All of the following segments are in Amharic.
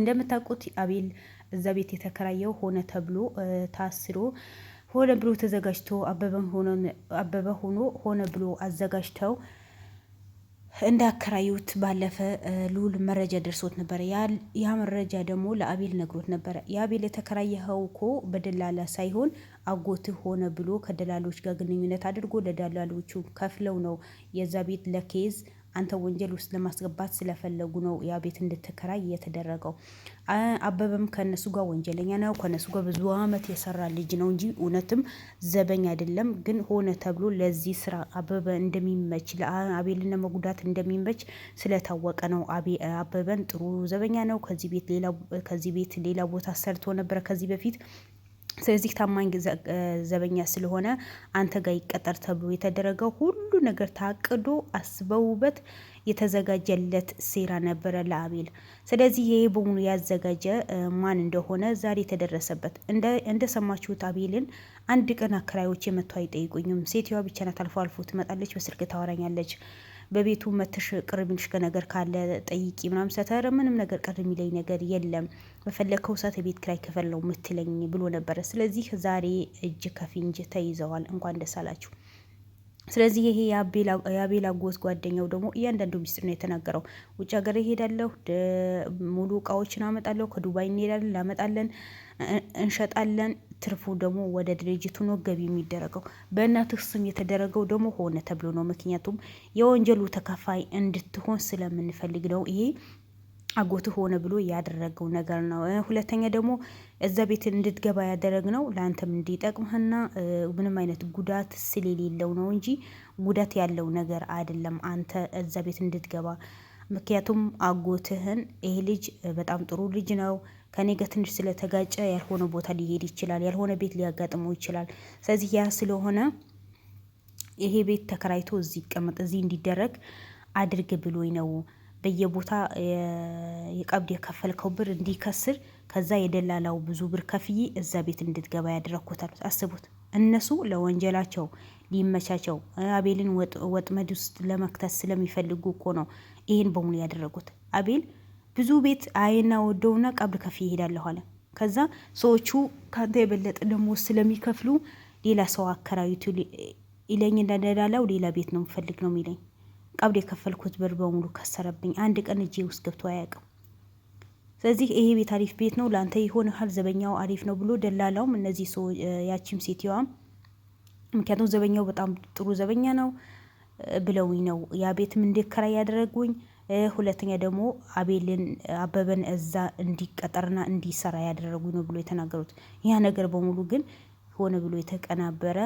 እንደምታውቁት አቤል እዛ ቤት የተከራየው ሆነ ተብሎ ታስሮ ሆነ ብሎ ተዘጋጅቶ አበበ ሆኖ ሆነ ብሎ አዘጋጅተው እንዳከራዩት ባለፈ ልውል መረጃ ደርሶት ነበረ። ያ መረጃ ደግሞ ለአቤል ነግሮት ነበረ። የአቤል የተከራየኸው እኮ በደላላ ሳይሆን አጎትህ ሆነ ብሎ ከደላሎች ጋር ግንኙነት አድርጎ ለደላሎቹ ከፍለው ነው የዛ ቤት ለኬዝ አንተ ወንጀል ውስጥ ለማስገባት ስለፈለጉ ነው ያ ቤት እንድትከራይ የተደረገው። አበበም ከነሱ ጋር ወንጀለኛ ነው። ከነሱ ጋር ብዙ አመት የሰራ ልጅ ነው እንጂ እውነትም ዘበኛ አይደለም። ግን ሆነ ተብሎ ለዚህ ስራ አበበ እንደሚመች አቤልን ለመጉዳት እንደሚመች ስለታወቀ ነው። አበበን ጥሩ ዘበኛ ነው። ከዚህ ቤት ሌላ ቦታ ሰርቶ ነበረ ከዚህ በፊት ስለዚህ ታማኝ ዘበኛ ስለሆነ አንተ ጋር ይቀጠር ተብሎ የተደረገው ሁሉ ነገር ታቅዶ አስበውበት የተዘጋጀለት ሴራ ነበረ ለአቤል። ስለዚህ ይሄ በሙሉ ያዘጋጀ ማን እንደሆነ ዛሬ የተደረሰበት እንደሰማችሁት። አቤልን አንድ ቀን አከራዮች የመጥቶ አይጠይቁኝም፣ ሴትዮዋ ብቻ ናት። አልፎ አልፎ ትመጣለች፣ በስልክ ታወራኛለች በቤቱ መተሽ ቅር የሚልሽ ነገር ካለ ጠይቂ ምናም ሰተረ ምንም ነገር ቅር የሚለኝ ነገር የለም በፈለግከው ሰዓት የቤት ክራይ ክፈል ምትለኝ ብሎ ነበረ። ስለዚህ ዛሬ እጅ ከፍንጅ ተይዘዋል። እንኳን ደስ አላችሁ። ስለዚህ ይሄ የአቤላ ጎዝ ጓደኛው ደግሞ እያንዳንዱ ሚስጥር ነው የተናገረው። ውጭ ሀገር ይሄዳለሁ፣ ሙሉ እቃዎችን አመጣለሁ፣ ከዱባይ እንሄዳለን፣ ላመጣለን፣ እንሸጣለን ትርፉ ደግሞ ወደ ድርጅቱ ነው ገቢ የሚደረገው። በእናትህ ስም የተደረገው ደግሞ ሆነ ተብሎ ነው። ምክንያቱም የወንጀሉ ተከፋይ እንድትሆን ስለምንፈልግ ነው። ይሄ አጎትህ ሆነ ብሎ ያደረገው ነገር ነው። ሁለተኛ ደግሞ እዛ ቤት እንድትገባ ያደረግ ነው ለአንተም እንዲጠቅምህና ምንም አይነት ጉዳት ስለሌለው ነው እንጂ ጉዳት ያለው ነገር አይደለም። አንተ እዛ ቤት እንድትገባ ምክንያቱም አጎትህን ይሄ ልጅ በጣም ጥሩ ልጅ ነው ከኔ ጋር ትንሽ ስለተጋጨ ያልሆነ ቦታ ሊሄድ ይችላል፣ ያልሆነ ቤት ሊያጋጥመው ይችላል። ስለዚህ ያ ስለሆነ ይሄ ቤት ተከራይቶ እዚህ ይቀመጥ፣ እዚህ እንዲደረግ አድርግ ብሎኝ ነው በየቦታ የቀብድ የከፈልከው ብር እንዲከስር ከዛ የደላላው ብዙ ብር ከፍዬ እዛ ቤት እንድትገባ ያደረግኩታል። አስቡት። እነሱ ለወንጀላቸው ሊመቻቸው አቤልን ወጥመድ ውስጥ ለመክተት ስለሚፈልጉ እኮ ነው ይህን በሙሉ ያደረጉት አቤል ብዙ ቤት አይና ወደውና ቀብር ከፍ ይሄዳለሁ አለ። ከዛ ሰዎቹ ከአንተ የበለጠ ደሞዝ ስለሚከፍሉ ሌላ ሰው አከራዩቱ ይለኝ እንደደላላው ሌላ ቤት ነው የምፈልግ ነው የሚለኝ። ቀብድ የከፈልኩት ብር በሙሉ ከሰረብኝ። አንድ ቀን እጄ ውስጥ ገብቶ አያውቅም። ስለዚህ ይሄ ቤት አሪፍ ቤት ነው ለአንተ ይሆንሃል፣ ዘበኛው አሪፍ ነው ብሎ ደላላውም እነዚህ ሰው ያቺም ሴትዋም ምክንያቱም ዘበኛው በጣም ጥሩ ዘበኛ ነው ብለውኝ ነው ያ ቤትም እንድከራይ ያደረጉኝ። ሁለተኛ ደግሞ አቤልን አበበን እዛ እንዲቀጠርና እንዲሰራ ያደረጉ ነው ብሎ የተናገሩት ያ ነገር በሙሉ ግን ሆነ ብሎ የተቀናበረ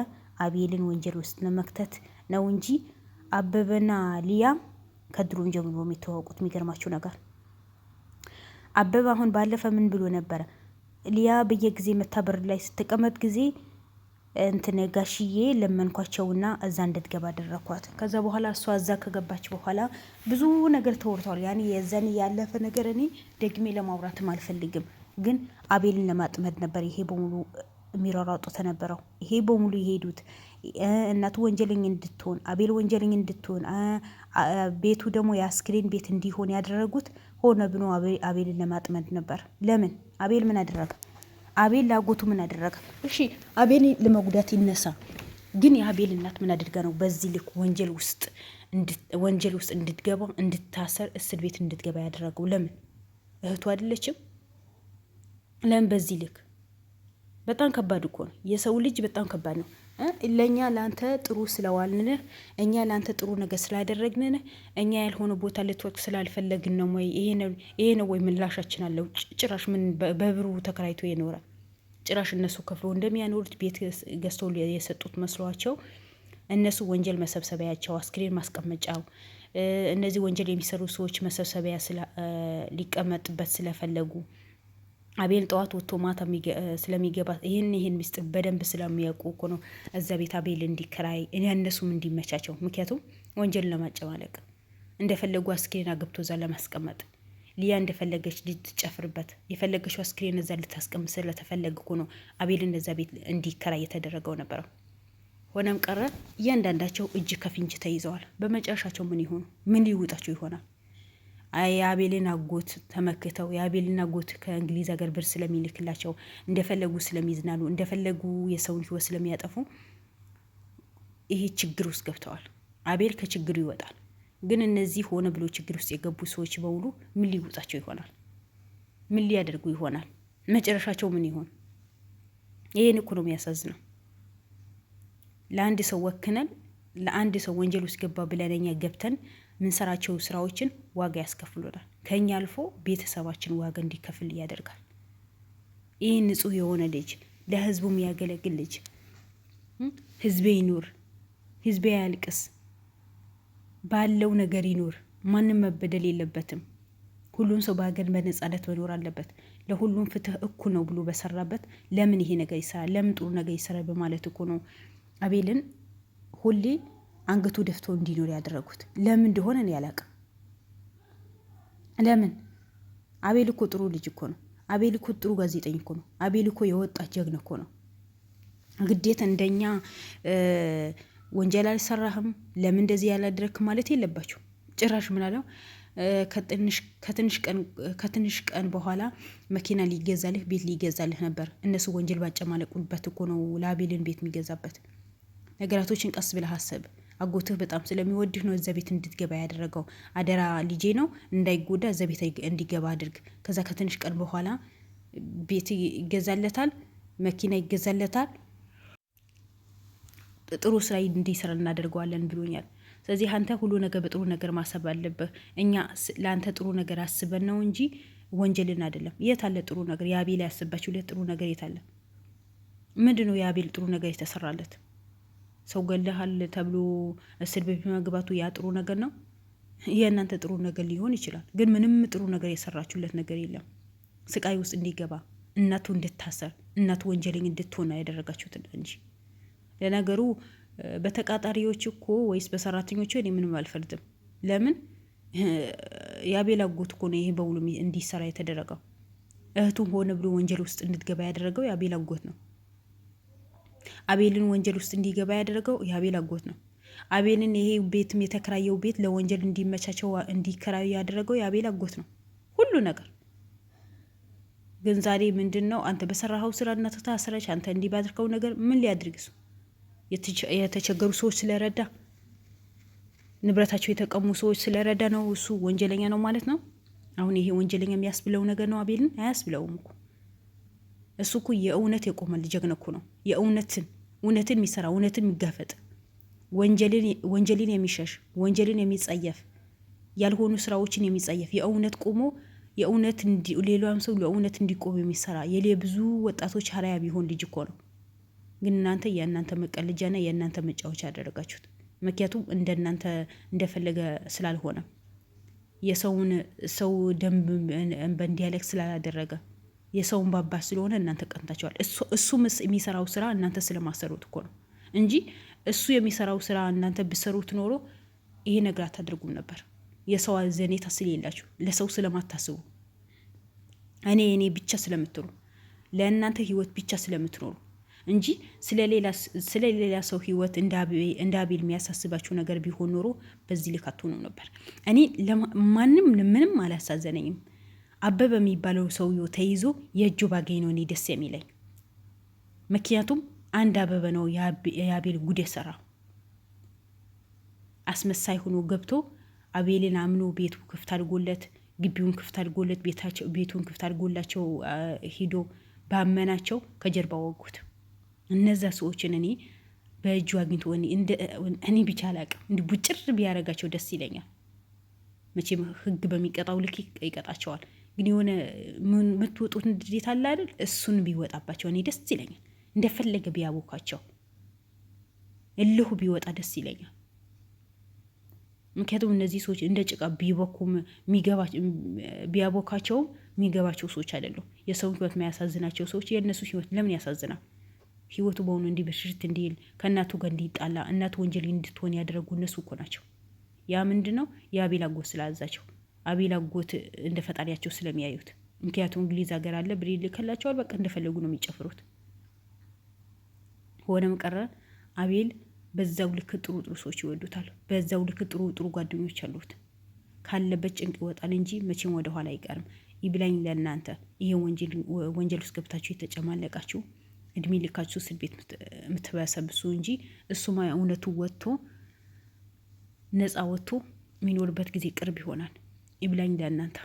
አቤልን ወንጀል ውስጥ ለመክተት ነው እንጂ አበበና ሊያ ከድሮም ጀምሮ የሚተዋወቁት። የሚገርማቸው ነገር አበበ አሁን ባለፈ ምን ብሎ ነበረ? ሊያ በየጊዜ መታበር ላይ ስትቀመጥ ጊዜ እንትን ጋሽዬ ለመንኳቸውና እዛ እንድትገባ አደረኳት። ከዛ በኋላ እሷ እዛ ከገባች በኋላ ብዙ ነገር ተወርቷል። ያኔ የዘን ያለፈ ነገር እኔ ደግሜ ለማውራትም አልፈልግም፣ ግን አቤልን ለማጥመድ ነበር ይሄ በሙሉ የሚሯሯጡት ተነበረው ይሄ በሙሉ የሄዱት እናቱ ወንጀለኝ እንድትሆን አቤል ወንጀለኝ እንድትሆን ቤቱ ደግሞ የአስክሬን ቤት እንዲሆን ያደረጉት ሆነ ብኖ አቤልን ለማጥመድ ነበር። ለምን አቤል ምን አደረገ? አቤል ላጎቱ ምን አደረገ? እሺ አቤል ለመጉዳት ይነሳ፣ ግን የአቤል እናት ምን አድርጋ ነው በዚህ ልክ ወንጀል ውስጥ ወንጀል ውስጥ እንድትገባ እንድታሰር እስር ቤት እንድትገባ ያደረገው? ለምን እህቱ አይደለችም? ለምን በዚህ ልክ? በጣም ከባድ እኮ ነው። የሰው ልጅ በጣም ከባድ ነው። ለእኛ ለአንተ ጥሩ ስለዋልንህ እኛ ለአንተ ጥሩ ነገር ስላደረግንንህ እኛ ያልሆነ ቦታ ልትወቅ ስላልፈለግን ነው ወይ ይሄ ነው ወይ ምላሻችን አለው። ጭራሽ ምን በብሩ ተከራይቶ የኖረ ጭራሽ እነሱ ከፍሎ እንደሚያኖሩት ቤት ገዝተው የሰጡት መስሏቸው እነሱ ወንጀል መሰብሰቢያቸው አስክሬን ማስቀመጫው እነዚህ ወንጀል የሚሰሩ ሰዎች መሰብሰቢያ ሊቀመጥበት ስለፈለጉ አቤል ጠዋት ወጥቶ ማታ ስለሚገባ ይህን ይህን ምስጢር በደንብ ስለሚያውቁ እኮ ነው እዛ ቤት አቤል እንዲከራይ እነሱም እንዲመቻቸው። ምክንያቱም ወንጀል ለማጨማለቅ እንደፈለጉ አስክሬን አግብቶ እዛ ለማስቀመጥ ሊያ እንደፈለገች ልትጨፍርበት የፈለገችው አስክሬን እዛ ልታስቀምጥ ስለተፈለግ እኮ ነው አቤል እንደዛ ቤት እንዲከራይ የተደረገው ነበረው። ሆነም ቀረ እያንዳንዳቸው እጅ ከፍንጅ ተይዘዋል። በመጨረሻቸው ምን ይሆኑ? ምን ሊውጣቸው ይሆናል? የአቤልን አጎት ተመክተው የአቤልን አጎት ከእንግሊዝ ሀገር ብር ስለሚልክላቸው እንደፈለጉ ስለሚዝናሉ እንደፈለጉ የሰውን ህይወት ስለሚያጠፉ ይሄ ችግር ውስጥ ገብተዋል። አቤል ከችግሩ ይወጣል። ግን እነዚህ ሆነ ብሎ ችግር ውስጥ የገቡ ሰዎች በሙሉ ምን ሊውጣቸው ይሆናል? ምን ሊያደርጉ ይሆናል? መጨረሻቸው ምን ይሆን? ይህን እኮ ነው የሚያሳዝነው። ለአንድ ሰው ወክነን ለአንድ ሰው ወንጀል ውስጥ ገባ ብለን እኛ ገብተን የምንሰራቸው ስራዎችን ዋጋ ያስከፍሉናል። ከኛ አልፎ ቤተሰባችን ዋጋ እንዲከፍል ያደርጋል። ይህ ንጹህ የሆነ ልጅ ለህዝቡ የሚያገለግል ልጅ ህዝቤ ይኑር፣ ህዝቤ ያልቅስ፣ ባለው ነገር ይኑር። ማንም መበደል የለበትም። ሁሉም ሰው በሀገር በነጻነት መኖር አለበት። ለሁሉም ፍትህ እኩል ነው ብሎ በሰራበት ለምን ይሄ ነገር ይሰራል? ለምን ጥሩ ነገር ይሰራል? በማለት እኮ ነው አቤልን ሁሌ አንገቱ ደፍቶ እንዲኖር ያደረጉት ለምን እንደሆነ እኔ አላውቅም። ለምን አቤል እኮ ጥሩ ልጅ እኮ ነው። አቤል እኮ ጥሩ ጋዜጠኝ እኮ ነው። አቤል እኮ የወጣት ጀግና እኮ ነው። ግዴት እንደኛ ወንጀል አልሰራህም፣ ለምን እንደዚህ ያላደረክ ማለት የለባቸው። ጭራሽ ምናለው ከትንሽ ቀን በኋላ መኪና ሊገዛልህ ቤት ሊገዛልህ ነበር። እነሱ ወንጀል ባጨማለቁበት እኮ ነው ለአቤልን ቤት የሚገዛበት። ነገራቶችን ቀስ ብለህ አስብ። አጎትህ በጣም ስለሚወድህ ነው እዛ ቤት እንድትገባ ያደረገው። አደራ ልጄ ነው እንዳይጎዳ እዛ ቤት እንዲገባ አድርግ። ከዛ ከትንሽ ቀን በኋላ ቤት ይገዛለታል፣ መኪና ይገዛለታል፣ ጥሩ ስራ እንዲሰራ እናደርገዋለን ብሎኛል። ስለዚህ አንተ ሁሉ ነገር በጥሩ ነገር ማሰብ አለብህ። እኛ ለአንተ ጥሩ ነገር አስበን ነው እንጂ ወንጀልን አይደለም። የት አለ ጥሩ ነገር? የአቤል ያስባችሁ ጥሩ ነገር የት አለ? ምንድን ነው የአቤል ጥሩ ነገር የተሰራለት? ሰው ገለሃል ተብሎ እስር ቤት መግባቱ ያ ጥሩ ነገር ነው። የእናንተ ጥሩ ነገር ሊሆን ይችላል፣ ግን ምንም ጥሩ ነገር የሰራችሁለት ነገር የለም። ስቃይ ውስጥ እንዲገባ እናቱ እንድታሰር እናቱ ወንጀለኛ እንድትሆና ያደረጋችሁት እንጂ። ለነገሩ በተቃጣሪዎች እኮ ወይስ በሰራተኞች እኔ ምንም አልፈልድም። ለምን የአቤል አጎት እኮ ነው ይሄ በሙሉ እንዲሰራ የተደረገው። እህቱም ሆነ ብሎ ወንጀል ውስጥ እንድትገባ ያደረገው የአቤል አጎት ነው። አቤልን ወንጀል ውስጥ እንዲገባ ያደረገው የአቤል አጎት ነው። አቤልን ይሄ ቤትም የተከራየው ቤት ለወንጀል እንዲመቻቸው እንዲከራዩ ያደረገው የአቤል አጎት ነው። ሁሉ ነገር ግን ዛሬ ምንድን ነው አንተ በሰራኸው ስራ እናት ታሰረች። አንተ እንዲህ ባድርገው ነገር ምን ሊያድርግ የተቸገሩ ሰዎች ስለረዳ ንብረታቸው የተቀሙ ሰዎች ስለረዳ ነው እሱ ወንጀለኛ ነው ማለት ነው። አሁን ይሄ ወንጀለኛ የሚያስብለው ነገር ነው አቤልን አያስብለውም እኮ እሱ እኮ የእውነት የቆመ ጀግና እኮ ነው። የእውነትን እውነትን የሚሰራ እውነትን የሚጋፈጥ ወንጀልን የሚሸሽ ወንጀልን የሚጸየፍ ያልሆኑ ስራዎችን የሚጸየፍ የእውነት ቆሞ የእውነት ሌላም ሰው ለእውነት እንዲቆም የሚሰራ የሌ ብዙ ወጣቶች ሀራያ ቢሆን ልጅ እኮ ነው። ግን እናንተ የእናንተ መቀለጃና የእናንተ መጫወቻ ያደረጋችሁት። ምክንያቱም እንደናንተ እንደፈለገ ስላልሆነ የሰውን ሰው ደንብ እንዲያለቅ ስላላደረገ የሰውን ባባ ስለሆነ እናንተ ቀንታቸዋል። እሱ የሚሰራው ስራ እናንተ ስለማሰሩት እኮ ነው እንጂ እሱ የሚሰራው ስራ እናንተ ብሰሩት ኖሮ ይሄ ነገር አታደርጉም ነበር። የሰው ዘኔታ ስለሌላችሁ ለሰው ስለማታስቡ እኔ እኔ ብቻ ስለምትሉ ለእናንተ ህይወት ብቻ ስለምትኖሩ እንጂ ስለሌላ ሰው ህይወት እንደ አቤል የሚያሳስባችሁ ነገር ቢሆን ኖሮ በዚህ ልክ አትሆኑም ነበር። እኔ ማንም ምንም አላሳዘነኝም። አበበ የሚባለው ሰውዬው ተይዞ የእጁ ባገኝ ነው እኔ ደስ የሚለኝ። ምክንያቱም አንድ አበበ ነው የአቤል ጉድ የሰራ አስመሳይ ሆኖ ገብቶ አቤልን አምኖ ቤቱ ክፍት አድርጎለት ግቢውን ክፍት አድርጎለት ቤቱን ክፍት አድርጎላቸው ሂዶ ባመናቸው ከጀርባ ወጉት። እነዛ ሰዎችን እኔ በእጁ አግኝቶ እኔ ብቻ አላቅም እንዲ ቡጭር ቢያደርጋቸው ደስ ይለኛል። መቼም ህግ በሚቀጣው ልክ ይቀጣቸዋል። ግን የሆነ የምትወጡት ንዴት አለ አይደል? እሱን ቢወጣባቸው እኔ ደስ ይለኛል። እንደፈለገ ቢያቦካቸው እልሁ ቢወጣ ደስ ይለኛል። ምክንያቱም እነዚህ ሰዎች እንደ ጭቃ ቢበኩም ቢያቦካቸውም የሚገባቸው ሰዎች አይደሉም። የሰውን ህይወት የማያሳዝናቸው ሰዎች የእነሱ ህይወት ለምን ያሳዝናል? ህይወቱ በሆኑ እንዲህ በሽርት እንዲል ከእናቱ ጋር እንዲጣላ እናቱ ወንጀል እንድትሆን ያደረጉ እነሱ እኮ ናቸው። ያ ምንድን ነው? የአቤላ ስላዛቸው አቤል አጎት እንደ ፈጣሪያቸው ስለሚያዩት። ምክንያቱም እንግሊዝ ሀገር አለ ብር ይልከላቸዋል። በቃ እንደፈለጉ ነው የሚጨፍሩት። ሆነም ቀረ አቤል በዛው ልክ ጥሩ ጥሩ ሰዎች ይወዱታል። በዛው ልክ ጥሩ ጥሩ ጓደኞች አሉት። ካለበት ጭንቅ ይወጣል እንጂ መቼም ወደኋላ አይቀርም። ይብላኝ ለእናንተ ይሄ ወንጀል ውስጥ ገብታችሁ የተጨማለቃችሁ እድሜ ልካችሁ እስር ቤት የምትበሰብሱ እንጂ እሱማ እውነቱ ወጥቶ ነፃ ወጥቶ የሚኖርበት ጊዜ ቅርብ ይሆናል። ይብላኝ ለእናንተ።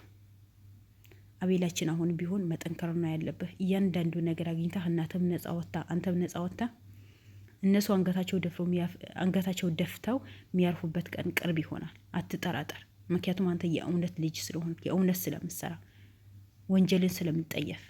አቤላችን አሁን ቢሆን መጠንከር ነው ያለብህ። እያንዳንዱ ነገር አግኝታ እናተም ነጻ ወጥታ አንተም ነጻ ወጥታ እነሱ አንገታቸው ደፍረው አንገታቸው ደፍተው የሚያርፉበት ቀን ቅርብ ይሆናል። አትጠራጠር። ምክንያቱም አንተ የእውነት ልጅ ስለሆን የእውነት ስለምሰራ ወንጀልን ስለምጠየፍ